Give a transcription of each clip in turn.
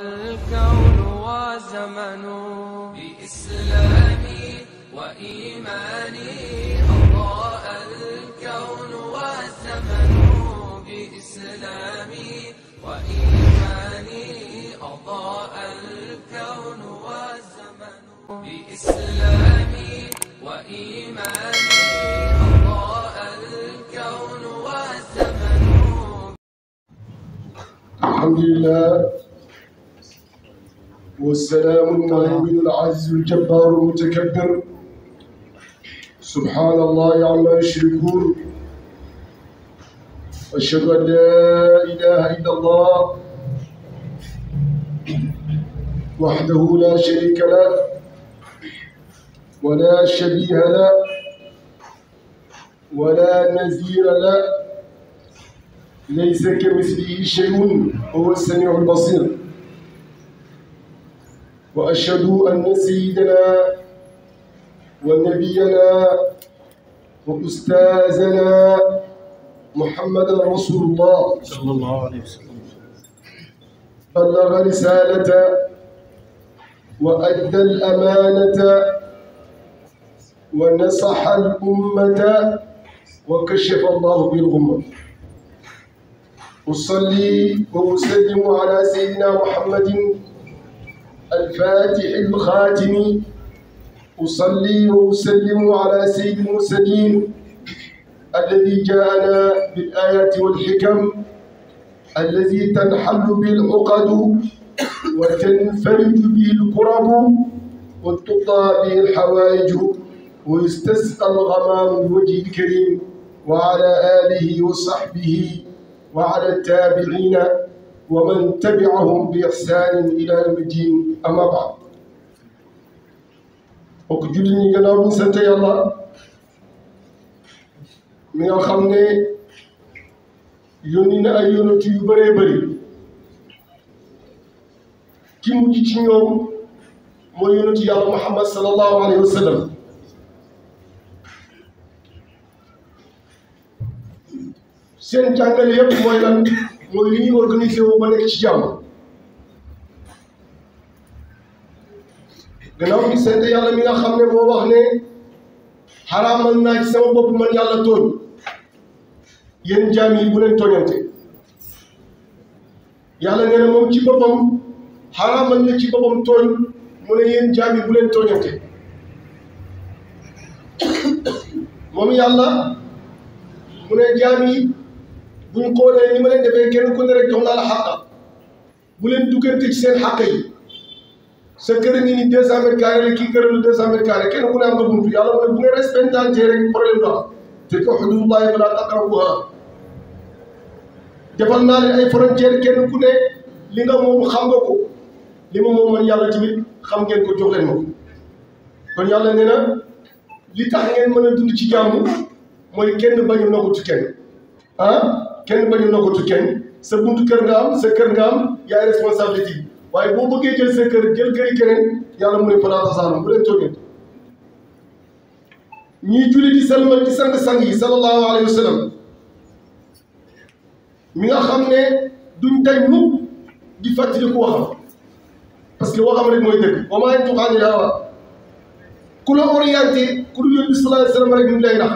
الكون وزمن بإسلامي وإيماني أضاء الكون والزمن بإسلامي وإيماني أضاء الكون والزمن بإسلامي وإيماني أضاء الكون والزمن الحمد لله والسلام المهيمن العزيز الجبار المتكبر سبحان الله عما يشركون أشهد أن لا إله إلا الله وحده لا شريك له ولا شبيه له ولا نذير له ليس كمثله شيء وهو السميع البصير وأشهد أن سيدنا ونبينا وأستاذنا محمد رسول الله صلى الله عليه وسلم بلغ رسالة وأدى الأمانة ونصح الأمة وكشف الله بالغمة أصلي وأسلم على سيدنا محمد الفاتح الخاتم أصلي وأسلم على سيد المرسلين الذي جاءنا بالآيات والحكم الذي تنحل به العقد وتنفرج به الكرب وتقطع به الحوائج ويستسقى الغمام بوجه الكريم وعلى آله وصحبه وعلى التابعين ومن تبعهم بإحسان إلى يوم الدين أما بعد bokk julli ñi gannaaw bu ñu sant yàlla mi nga xam ne yónni na ay yónnatu yu bëree bëri ki mujj ci ñoom mooy yónnatu yàlla Muhammad sallallahu alayhi wa sallam seen mooy lan mooy li ñuy organiser wu ba nekk ci jàmm gannaaw bi sant yàlla mi nga xam ne moo wax ne xaraamal naa ci sama bopp man yàlla tooñ yéen jaam yi bu leen tooñante yàlla nee na moom ci boppam xaraamal na ci boppam tooñ mu ne yéen jaam yi bu tooñante moom yàlla mu ne jaam bu ñu xoolee ni ma leen defee kenn ku ne rek la xàq bu leen duggante ci seen xàq yi sa kër ngi ni deux cent mètres carrés la kii këram deux cent mètres carrés kenn ku ne am nga buntu yàlla mooy bu ngeen respectantee rek problème la te ko xududullahi falaa taqrabuha defal naa leen ay frontières kenn ku ne li nga xam nga ko li ma moom man ci tamit xam ngeen ko jox leen ma ko kon yàlla nee na li mën a dund ci jàmm mooy kenn bañu nogu ci kenn ah kenn bañu nokkatu kenn sa buntu kër nga am sa kër nga am yaay responsabilité waaye boo bëggee jël sa kër jël këri keneen yaa mu ne balaa tasaanam bu leen toogee ñuy julli di salmal ci sang-sang yi sallallahu alayhi mi nga xam ne duñ tay mukk di fàttali ko waxam parce que waxam rek mooy dëgg wa maa yantiqu ani l-hawa ku la orienté ku dul yónni sallallahu alayhi lay nax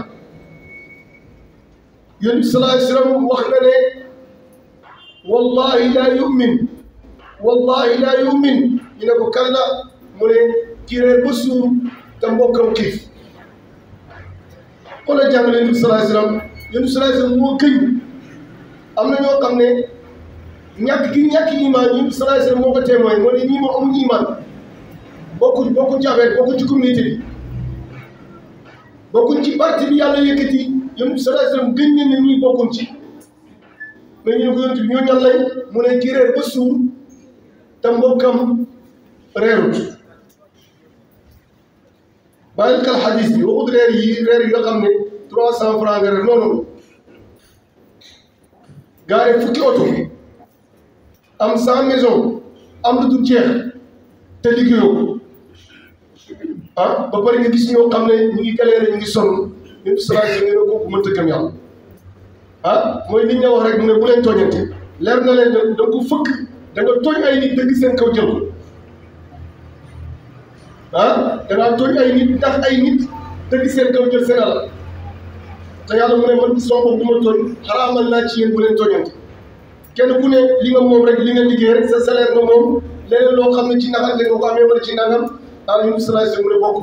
yonent bi sallallahu alayhi wa sallam wax na wallahi laa yumin wallahi laa yumin ñu ne ko kan la mu ne kii reer ba suur te mbokkam xiif xoolal jàngale yonent bi sallallahu alayhi am na ñoo xam ne ñàkk ki ñàkk iman yonent bi sallallahu alayhi wa moo ko témoin moo ne ñii ma amuñ iman bokkuñ bokkuñ ci affaire bokkuñ ci communauté bi yéen sallallahu alayhi wasallam gën ne ñuy bokkoon ci mais ñu ne ko yonent bi ñoo ñan lay mu ne kii reer ba suur te mbokkam reerut bàyyil kal xadis bi waxut reer yi reer yi nga xam ne trois cent franc nga reer noonu gaare fukki oto am cent maison am lu dul jeex te liggéeyoo ah ba pare nga gis ñoo xam ne ñu ngi galéré ñu ngi sonn yéen salaam yi nee na kooku mënta gëm yàlla ah mooy li ñu wax rek mu ne bu leen tooñante leer na leen da nga ko fëkk da nga tooñ ay nit dëgg seen kaw jël ko ah dangaa tooñ ay nit ndax ay nit dëgg seen kaw jël seen alal te yàlla mu ne man sama bopp du ma tooñ xaraamal naa ci yéen bu leen tooñante kenn ku ne li nga moom rek li nga liggéey rek sa salaire nga moom leneen loo xam ne ci naxante nga ko amee wala ci nangam daal ñu salaay mu ne bokk.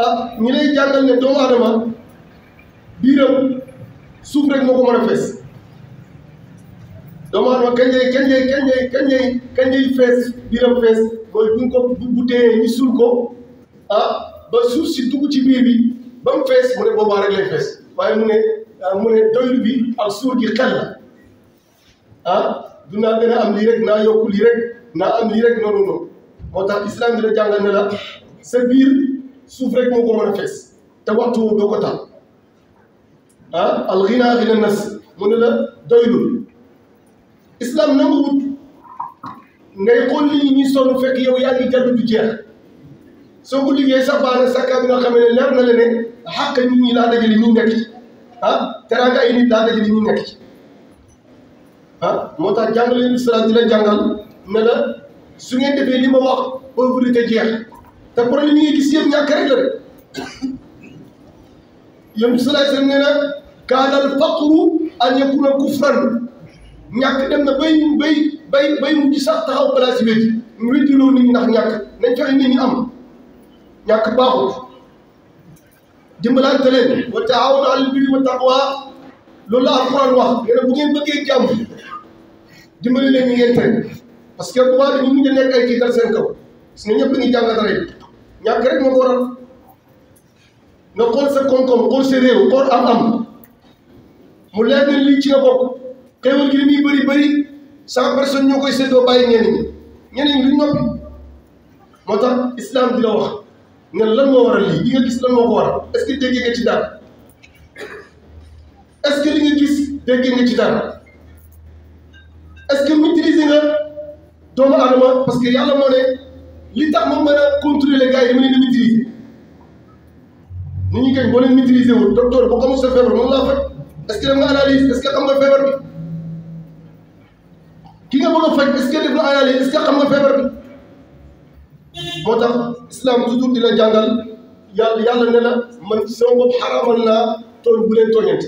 ah ñu ne doomu aadama biiram suuf rek moo ko mën a fees doomu aadama kañ lay kañ lay kañ lay kañ lay fees biiram fees mooy duñ ko bu dee ko ah ba suuf si dugg ci biir bi ba fees mu ne boobaa fees waaye mu ne ah, mu ne doylu bi ak suur gi xel la ah, du naa gën am lii rek naa yokku lii naa am lii rek noonu moo tax islam bi la ne la sa biir. suuf rek moo ko fees te waxtu woo doo ko taal ah alxinaa nas mu ne la doylul islam na nga wut ngay xool nit ñi fekk yow yaa ngi jàddu du jeex soo ko liggéey sax baax na sakka bi xam ne leer na la a xàq nit ñi laa dajale ñuy nekk ci ah teraanga ay ah, moo tax jàngale islam di la jàngal ne la su ngeen defee li ma wax pauvreté jeex. te problème yi nga gis yëpp ñàkk rek la de yéen sallallahu alayhi wasallam nee na kaanal faqru an yakuna kufran ñàkk dem na bay bay bay bay mujj sax taxaw place bi mu wéddiloo nit ñi ndax ñàkk nañ fexe nit ñi am ñàkk baaxul dimbalante leen wa taawanu alal birri wa taqwa loolu la alquran wax nee na bu ngeen bëggee jàmm dimbali leen ñu ngeen tere parce que bu baax dañu mujj nekk ay kii dal seen kaw parce que ñëpp dañuy jàngat rek ñàkk rek moo ko waral nga xool sa koom-koom xool sa réew am-am mu leer ne lii ci nga bokk xéewal gi li muy bëri san cent personnes ñoo koy séddoo bàyyi ñeneen ñi ñeneen ñi duñ noppi moo tax islam di la wax ne lan moo waral lii li nga gis moo ko waral est-ce que dégg nga ci dara est-ce que li nga gis dégg nga ci dara est-ce que maîtriser nga doomu aadama parce que yàlla moo ne. li tax ma mën a contrôler gars yi dama leen di maîtriser nit ñi kañ boo leen maîtriser wul docteur boo xamul sa feebar moom laa faj est-ce que def nga analyse est-ce que xam nga feebar bi ki nga bëgg a faj est-ce que def nga analyse est-ce que xam nga feebar bi moo tax islam toujours di la jàngal yàlla yàlla ne la man sama bopp xaraamal naa tooñ bu leen tooñante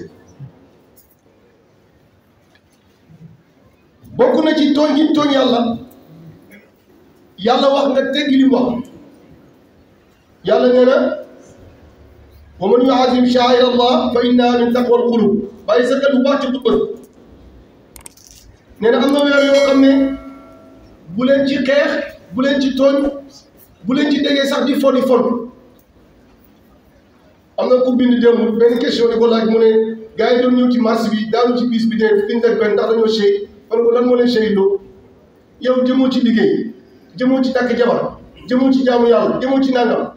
bokk na ci tooñ gi tooñ yàlla. yàlla wax nga teggi li mu wax yàlla nee na wa man yuazim sha'air allah fa innaha min taqwa al qulub bàyyi sa xel bu baax ci xutba nee na am na weer yoo xam ne bu leen ci xeex bu leen ci tooñ bu ci déggee sax di fon di fon am na ku bind démb benn question di ko laaj mu ne gars yi doon ñëw ci marché bi daanu ci bis bi ne fintech benn ndax dañoo séy fan ko lan yow jëmoo ci liggéey jëmoo ci takk jabar jëmoo ci jaamu yàlla jëmoo ci nangam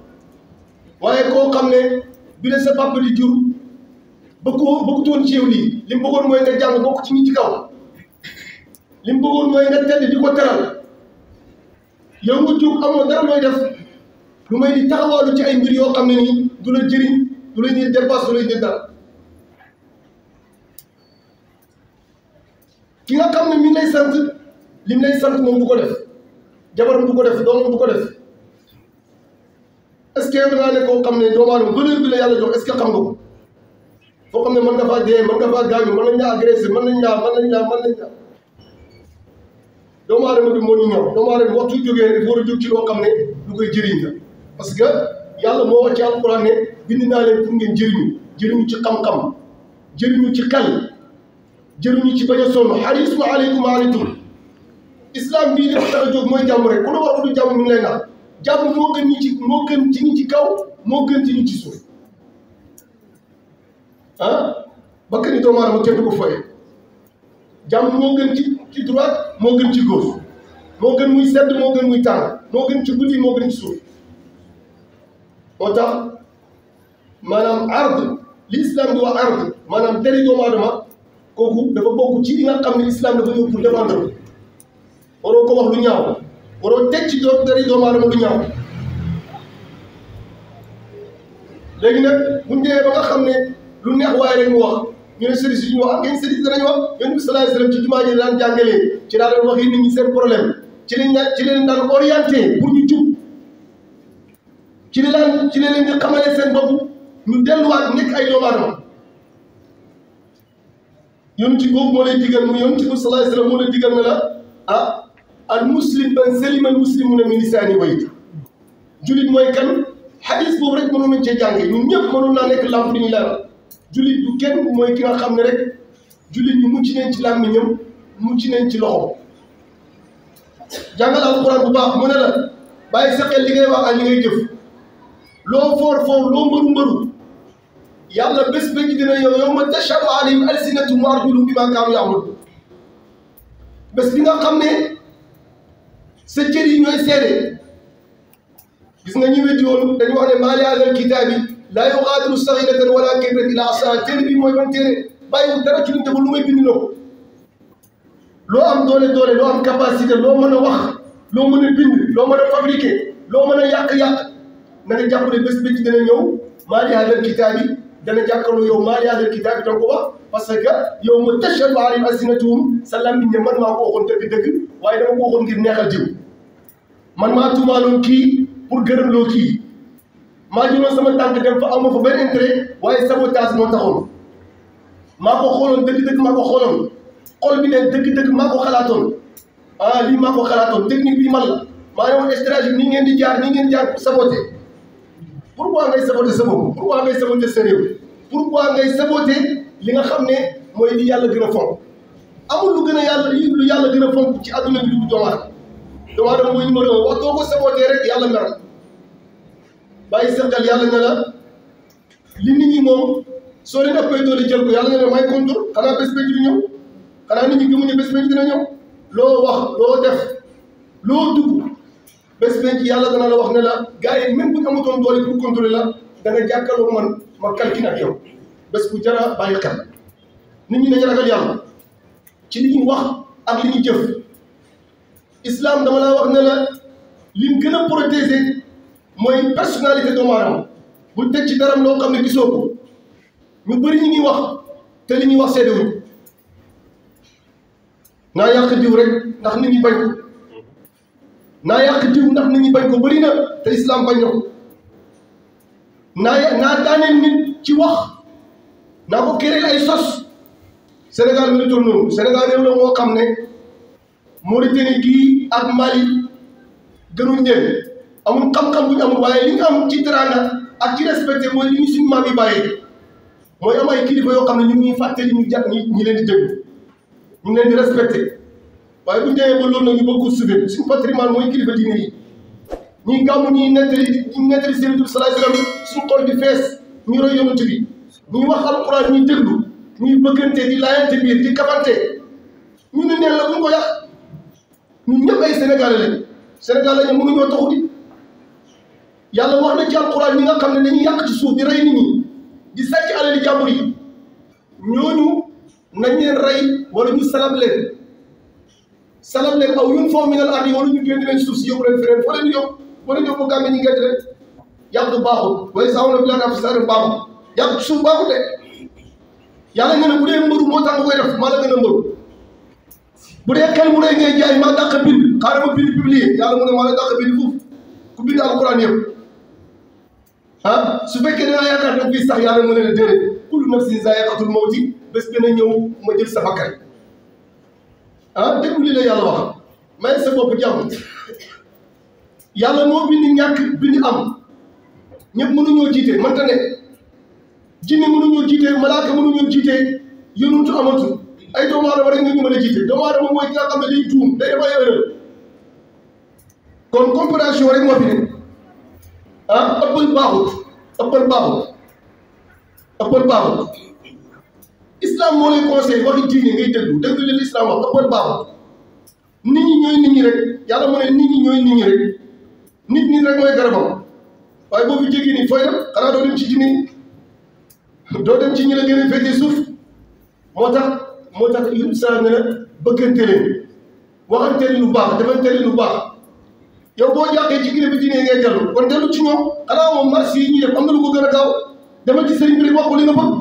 koo xam ne bi la sa papa di jur bëggoo bëggutoon ci yow lii li mu bëggoon mooy nga jàng bokk ci ñi ci kaw li mu bëggoon mooy nga tedd di ko teral yow nga jóg amoo dara mooy def lu may di ci ay mbir yoo xam ne nii du la jëriñ du la ñuy dépasse dara ki nga xam ne mi lay sant li mu sant moom du ko jabaram du ko def doomam du ko def est-ce que yow ne koo xam ne doomu aadama valeur bi la yàlla jox est-ce que xam ko foo xam ne mën nga faa dee mën nga faa gaañu mën nañ laa agressé mën na ñaa mën nañ laa mën nañ laa doomu aadama bi moo ñu ñor doomu aadama waxtu jógee rek war a ci loo xam ne lu koy jëriñ parce que yàlla moo wax ci alquran ne bind naa leen pour ngeen jëriñu jëriñu ci xam-xam jëriñu ci xel jëriñu ci bañ a sonn xarisu aleykum aleykum islam bii li ko tax a jóg mooy jàmm rek ku du jàmm mi ngi jàmm moo gën ñu ci moo gën ci ci kaw moo gën ci ñu ci suuf ah ba kër yi doomu aadama kenn du ko foyee jàmm moo gën ci ci droite moo gën ci gauche moo gën muy sedd moo gën muy tàng moo gën ci guddi moo gën ci suuf moo tax maanaam ard li islam di wax ard maanaam teri doomu aadama kooku dafa bokk ci li nga xam ne islam dafa ñëw pour défendre waroo ko wax lu ñaaw waroo te ci doo dari doomu aadama lu ñaaw léegi nag buñ demee ba nga xam ne lu neex waaye rek mu wax ñu ne sëriñ si ñu wax ak ah ngeen sëriñ si danañ wax yonent bi sallallahu alayhi wasallam ci jumaa ji daan jàngalee wax yi nit ñi seen problème ci lañ ci leen daan orienté pour ñu jub ci li daan ci leen di xamalee seen bopp ñu delluwaat nekk ay doomu aadama yonent boobu moo lay digal mu yonent bi moo lay digal ne la ah al muslim ban salima al muslimuna min lisaani wa yadihi jullit mooy kan xadis boobu rek mënoon nañ cee jàngee ñun naa nekk lamp ñu leeral jullit du kenn mooy ki nga xam ne rek jullit ñu mucc nañ ci làmmiñam mucc nañ ci loxo jàngal alquran bu baax mu ne la bàyyi sa xel li ngay wax ak li ngay jëf loo foor foor loo mbëru mbëru yàlla bés ba ci dina yow yow ma tashhadu alayhim alsinatuhum wa arjuluhum bima kaanu ya'malun bés bi nga xam ne sa cër yi ñooy seede gis nga ñu weddi woon dañu wax ne maa li alal laa yuxaadiru saxiratan wala kabiratan illaa ahsaahaa téere bi mooy ban téere bàyyiwul dara ci lu deful lu may loo am doole doole loo am capacité loo mën a wax loo mën a bind loo mën a fabriquer loo mën a yàq-yàq na nga ne bés bi dina ñëw maa li dana jàkkaarloo yow maa yaa leen kitaab da nga ko wax parce que yow ma a alayhim alsinatuhum sa lammiñ ne man maa ko waxoon dëgg-dëgg waaye dama ko waxoon ngir neexal jiw man maa tuumaaloon kii pour gërëmloo kii maa jëloon sama tànk dem fa amoo fa benn intérêt waaye sabotage moo taxoon maa ko xooloon dëgg-dëgg maa ko xooloon xol bi ne dëgg-dëgg maa ko xalaatoon ah lii maa ko xalaatoon technique bi man la maa ne woon stratégie nii ngeen di jaar nii ngeen di jaar pour pourquoi ngay saboté sa bopp pourquoi ngay saboté sa réew pourquoi ngay saboté li nga xam ne mooy li yàlla gën fonk amul lu gën a yàlla lu yàlla gën a fonk ci adduna bi lu doomu aadama doomu aadama mooy numéro wax doo ko rek yàlla meram bàyyi sa yàlla ne la li nit ñi moom soo leen ëppee doole jël ko yàlla ne la may kontur xanaa bés bi dina ñëw xanaa nit ñi gëmuñu bés bi loo wax loo def loo dugg bés bee ci yàlla dama la wax ne la gars yi même bu ñu amutoon doole pour contrôler la da nga jàkkaarloo man ma calcul ak yow bés bu jar a bàyyi xel nit ñi dañu ragal yàlla ci li ñu wax ak li ñu jëf islam dama laa wax ne la lim gën a protéger mooy personnalité doomu aadama bu teg ci daram loo xam ne gisoo ko ñu bëri ñu ngi wax te li ñuy wax seedewuñ naa yàq diw rek ndax nit ñi bañ ko naa yàq diw ndax nit ñi bañ ko bëri na te islam bañ na ko naa naa daaneel ci wax naa ko kéréel ay sos Sénégal mi ngi toll noonu Sénégal réew la moo xam ne Mauritanie gii ak Mali gënuñ leen amul xam-xam bu ñu amul waaye li ci teraanga ak ci respecté mooy li ñu suñu maam yi bàyyee mooy am ay kilifa yoo xam ne ñu ngi fàtte ñu jàpp ñi ñi leen di déglu ñu leen di respecté. waaye bu ñu doon ba loolu nag ñu bëgg ko sauver suñu patrimoine mooy kilifa diine yi ñuy gàmm ñuy nettali ñuy nettali seen tur salaay salaam suñu xol di fees ñu roy yonent bi ñuy wax alxuraan ñuy déglu ñuy bëggante di laayante biir di kafante ñu ne neen la mu ñu ko yàq ñun ñëpp ay sénégalais lañu sénégal lañu mënuñoo taxuti yàlla wax na ci alxuraan ñi nga xam ne dañuy yàq ci suuf di rey nit ñi di sàcc alali jàmbur yi ñu nañ leen rey wala ñu salab le salam leen aw yun foofu mi a ardi wala ñu génn leen suuf si yóbbu leen feneen fa leen yóbbu wala ñu yóbbu gàmmi ñu gerte rek yàgg baaxul waaye saa wala bilaaka fi saare baaxul yàgg de yàlla nga ne bu dee mbëru moo tax nga koy def maa la gën a mbëru bu dee xel mu rëy ngay jaay ko dàq bind xaaral ma bind ne maa la dàq bind foofu ku bind alquran ah, ne fii sax yàlla mu ne la déedéet kullu nafsin zaa'iqatul mawti bés dana ñëw ma jël sa bakkan ah déglu li la yàlla may sa bopp jàmm yàlla moo bind ñàkk bind am ñëpp mënuñoo jiite mënta ne jinne mënuñoo jiite malaaka mënuñoo jiite yonuntu amatu ay doomu aadama rek nga ñu mën a jiite doomu aadama mooy ki nga xam ne day tuum day def ay erreur kon compréhension rek moo fi ne ah ëppal baaxut ëppal baaxut ëppal baaxut islam moo lay conseil waxi diine ngay déglu déglu leen islam wax ëppal baaxul nit ñi ñooy nit ñi rek yàlla mu ne nit ñi ñooy nit ñi rek nit ñi rek mooy garabam waaye boo fi jéggi nii fooy dem xanaa doo dem ci diine doo dem ci ñi la gën a féetee suuf moo tax moo tax yu saa ne la bëggante leen waxante leen lu baax defante leen lu baax yow boo jàqee ci kilifa diine ngay dellu kon dellu ci ñoom xanaa moom marché yi ñuy def am na lu ko gën a gaaw demal ci sëriñ bi rek wax ko li nga bëgg.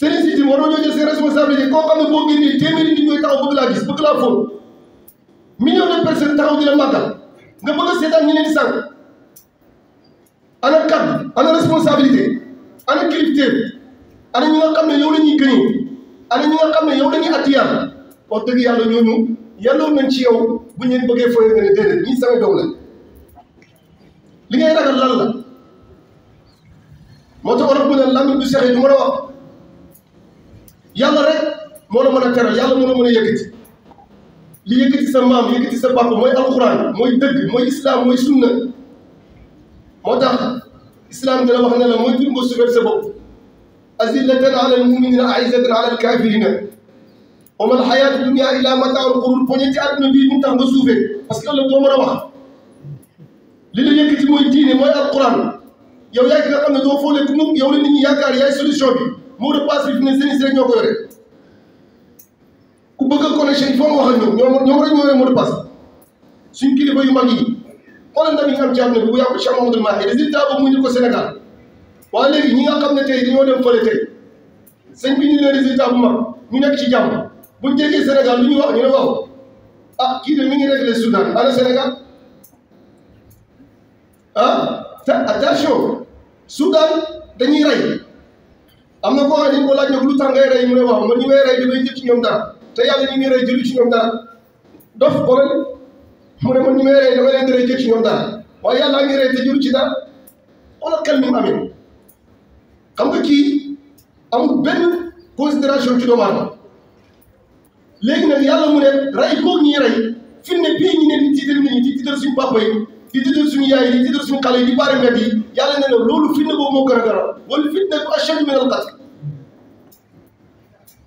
sëriñ si di se ñoo jël seen responsabilité koo xam ne boo génnee téeméeri nit ñooy taxaw bëgg laa gis bëgg laa fóon million de personnes taxaw di la màggal nga bëgg a seetaan ñu leen di sànq ana kàddu ana responsabilité ana kilifteef ana ñi nga xam ne yow la ñuy gëñee ana ñi nga xam ne yow la ñuy attiyaat wax dëgg yàlla ñooñu yàlloon nañ ci yow bu ñu bëggee fooyee nga ne déedéet ñii samay doom la li ngay ragal lan la moo tax olof mu ne lamit du sexe du mën a yàlla rek moo la mën a teral yàlla moo la mën a yëkkati li yëkkati sa maam yëkkati sa papa mooy alxuraan mooy dëgg mooy islam mooy sunna moo tax islam dina wax ne la mooy tur nga suufeel sa bopp azillatan ala almuminina aizatan ala alkafirina wa mal xayaatu dunia illa mataaru xurur poñe ci àdduna bii mu tax nga suufee parce que ëllëg doo mën a wax li la yëkkati mooy diine mooy alxuraan yow yaay ki nga xam ne doo foolee ku mukk yow la yaay bi mot de passe bi fi ne sinistre ñoo ko yore ku bëgg a connexion il faut nga wax ak ñoom ñoom ñoom rek ñoo yore mot de passe suñ kilifa yu mag yi xoolal ndam yi nga am ci àdduna bi bu yàgg Cheikh Mamadou Mahi résultat boobu mu ñu ko Sénégal waaye léegi ñi nga xam ne tey dañoo dem fële tey sëñ bi ñu ne résultat bu mag ñu nekk ci jàmm buñ jegee Sénégal lu ñuy wax ñu ne waaw ah kii de mi ngi réglé Soudan ana Sénégal ah te attention Soudan dañuy rey am na koo xam ne ko laaj nag lu tax ngay rey mu ne waaw man ñu may rey damay jël ci ñoom dara te yàlla ñu ngi rey jëlu ci ñoom dara dof boole mu ne man ñu may rey di rey ci ñoom dara waaye yàlla ngi rey te jëlu ci dara xoolal ni mu amee xam nga kii amul benn considération ci doomu aadama léegi nag yàlla mu ne rey kooku ñuy rey fi ne bii ñu ne di tiital nit ñi di tiital suñu papa yi di tiital suñu yaay yi di tiital suñu xale di baare mbedd yi yàlla nee na loolu fitna boobu moo gën a garaaw wal fitnatu ashaddu min al qatl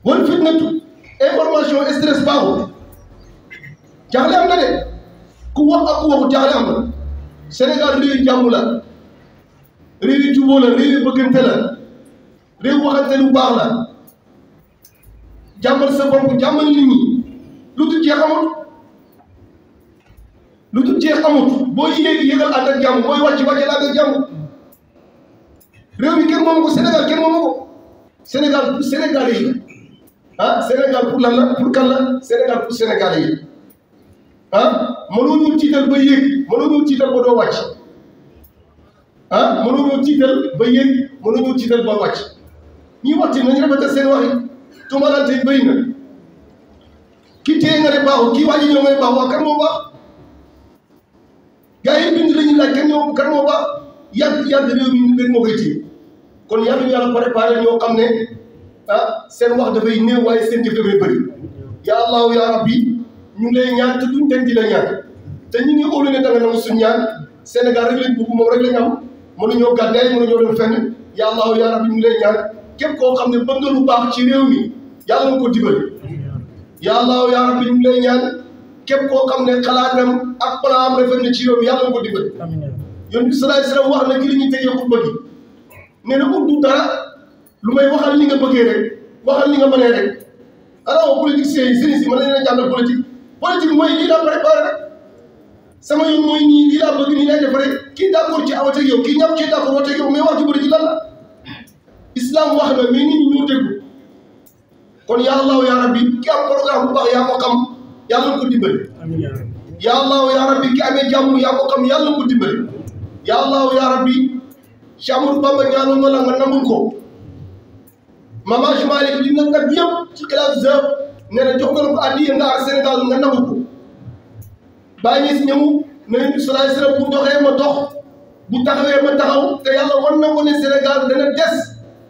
wal fitnatu information stress baaxul jaaxle am na de ku wax ku waxu jaaxle Sénégal réew yi la réew yi la réew yi bëggante la réew waxante lu baax la jàmmal sa bopp jàmmal lu tu jeex lu dul jeex amut boo yéeg yéegal ànd ak jàmm booy wàcc wàccal ànd ak jàmm mi kenn moomu ko Sénégal kenn moomu ko Sénégal pour Sénégalais yi ah Sénégal pour lan la pour kan la Sénégal pour Sénégalais yi ah mënoo ñu tiital ba yéeg mënoo ñu tiital ba doo wàcc ah mënoo ñu tiital ba yéeg mënoo ñu tiital ba wàcc ñuy waxti nañu rafetal seen wax yi tuumalante na kii téye nga ne baaxul kii waa ji ñëw nga ne baaxul waa kan moo gaa yi bind la ñuy laaj kenn ñoo kan moo baax yàgg yàgg réew mi ñu leen moo koy téye kon yàlla yàlla ñoo xam ne ah seen wax dafay néew waaye seen jëf dafay bëri ya allahu ya ñu ngi lay ñaan te duñ den di la ñaan te ñu ngi óolu ne da nga ñaan Sénégal rek lañ bugg moom rek lañ am mënuñoo gàddaay mënuñoo dem fenn ya ya rabbi ñu ngi lay ñaan képp koo xam ne bëgg nga lu baax ci réew mi yàlla nga ko dimbali ya allahu ya rabbi ñu ngi lay ñaan képp koo xam ne xalaatam ak plan rafet na ci yow yàlla ko dimbali yonent bi sallallahu alayhi wasallam na ci li ñu tëjee ba gi ne na ut du dara lu may waxal li nga bëggee rek waxal li nga mënee rek alors politicien yi sëriñ si mën na leen a jàngal politique politique mooy lii laa préparé rek sama yoon mooy nii lii laa bëgg nii lay kii d'accord ci awateeg yow kii ñàpp ci d'accord awateeg yow mais wax ju bëri ci lan la islam wax na mais nit ñi ñoo déggu kon yaa allahu yaa rabbi ki am programme bu baax yaa xam yàlla na ko dimbali. allahu yaa rabbi ki amee jàmm yaa ko xam yàlla na ko dimbali. yaa allahu yaa rabbi Cheikh Bamba ñaanu ma la nga nangul ko. maman Juma li ci classe zéro nee na jox ko ko addiya nga ak Sénégal nga nangu ko. bàyyi gis ñëw nañu salaay salaam ma dox bu taxawee ma taxaw te yàlla wan na ko ne Sénégal dana des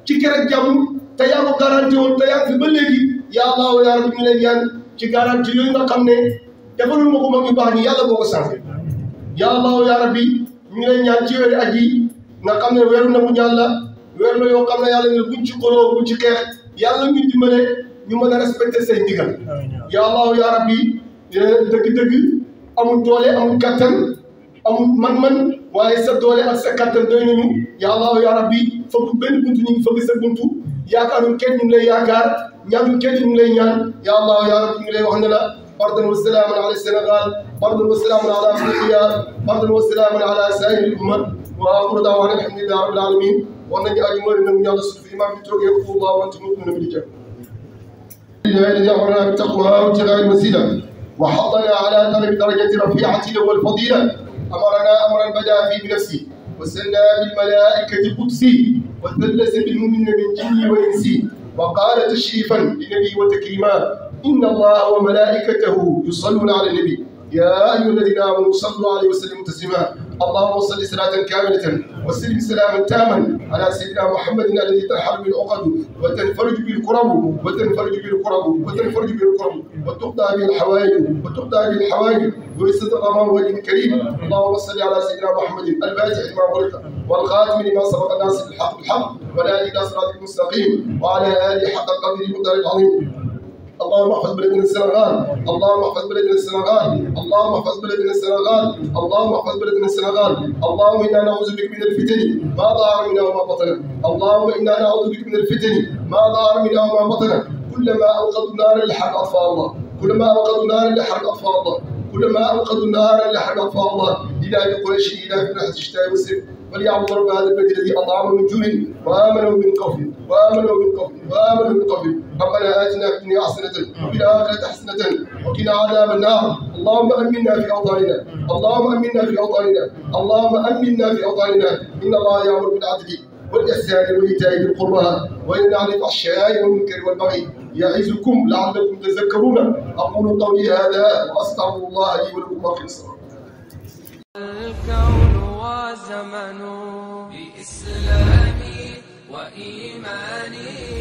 ci kër ak jàmm te yaa garanti woon te yaa fi ba léegi. yaa Allaahu yaa Rabbi ñu lay ñaan ci garanti yooyu nga xam ne defalul ma ko mag ñu baax ñi yàlla boo ko changé yaa Allaahu yaa Rabbi ñu lay ñaan ci weeru aji yi nga xam ne weeru na bu ñaan la weeru la yoo xam ne yàlla ne buñ ci xoloo buñ ci xeex yàlla ñu dimbale ñu mën a respecté say ndigal yaa Allaahu yaa Rabbi dëgg-dëgg amul doole amul kattan amul man-man waaye sa doole ak sa kattan doy nañu yaa Allaahu yaa Rabbi fëgg benn buntu ñu ngi fëgg sa buntu yaakaarul kenn ñu lay yaakaar ñaan képp ñu ngi lay ñaan ya allah ya rabbi ñu ngi lay wax ne la bardan wa salaaman ala Sénégal bardan wa salaaman ala Sénégal bardan wa salaaman ala saa'iril umma wa aaxiru da'waanaa alhamdulillahi rabbil aalamiin war nañu aju mari nag ñaan suuf imam bi toogee ko allah wante mu gën a midi jëm ilahi ja'alna bi taqwa wa tilal wasila wa haddana ala talabi darajati rafi'ati wal fadila amarna amran bada fi bi nafsi wa sanna bil malaa'ikati qudsi wa thallasa bil mu'minina min jinni wa insi وقال تشريفا للنبي وتكريما إن الله وملائكته يصلون على النبي يا أيها الذين آمنوا صلوا عليه وسلموا تسليما اللهم صل صلاة كاملة وسلم سلاما تاما على سيدنا محمد الذي تنحل بالعقد وتنفرج بالكرم وتنفرج بالكرم وتنفرج بالكرم وتقضى به الحوائج وتقضى به الحوائج ويستر امام وجه كريم اللهم صل على سيدنا محمد الفاتح لما غلق والخاتم لما سبق الناس بالحق بالحق ولا الى صراط المستقيم وعلى اله حق القدر المقدار العظيم اللهم احفظ بلادنا السنغال اللهم احفظ بلادنا السنغال اللهم احفظ بلادنا السنغال اللهم احفظ بلادنا السنغال اللهم انا نعوذ بك من الفتن ما ظهر منها وما بطن اللهم انا نعوذ بك من الفتن ما ظهر منها وما بطن كلما اوقدوا نارا لحرق اطفال الله كلما اوقدوا نارا لحرق اطفال الله كلما أوقدوا النار لحقوا الله إلى قريش إلى في نحس الشتاء والصيف فليعبد رب هذا البيت الذي أطعمهم من جوع وآمنوا من خوف وآمنوا من خوف وآمنوا من خوف ربنا آتنا في الدنيا حسنة وفي الآخرة حسنة وقنا عذاب النار اللهم أمنا في أوطاننا اللهم أمنا في أوطاننا اللهم أمنا في أوطاننا إن الله يأمر بالعدل والإحسان وإيتاء ذي القربى وينهى عن الفحشاء والمنكر والبغي يعظكم لعلكم تذكرون أقول قولي هذا وأستغفر الله لي ولكم وآخر الصلاة الكون وزمن بإسلامي وإيماني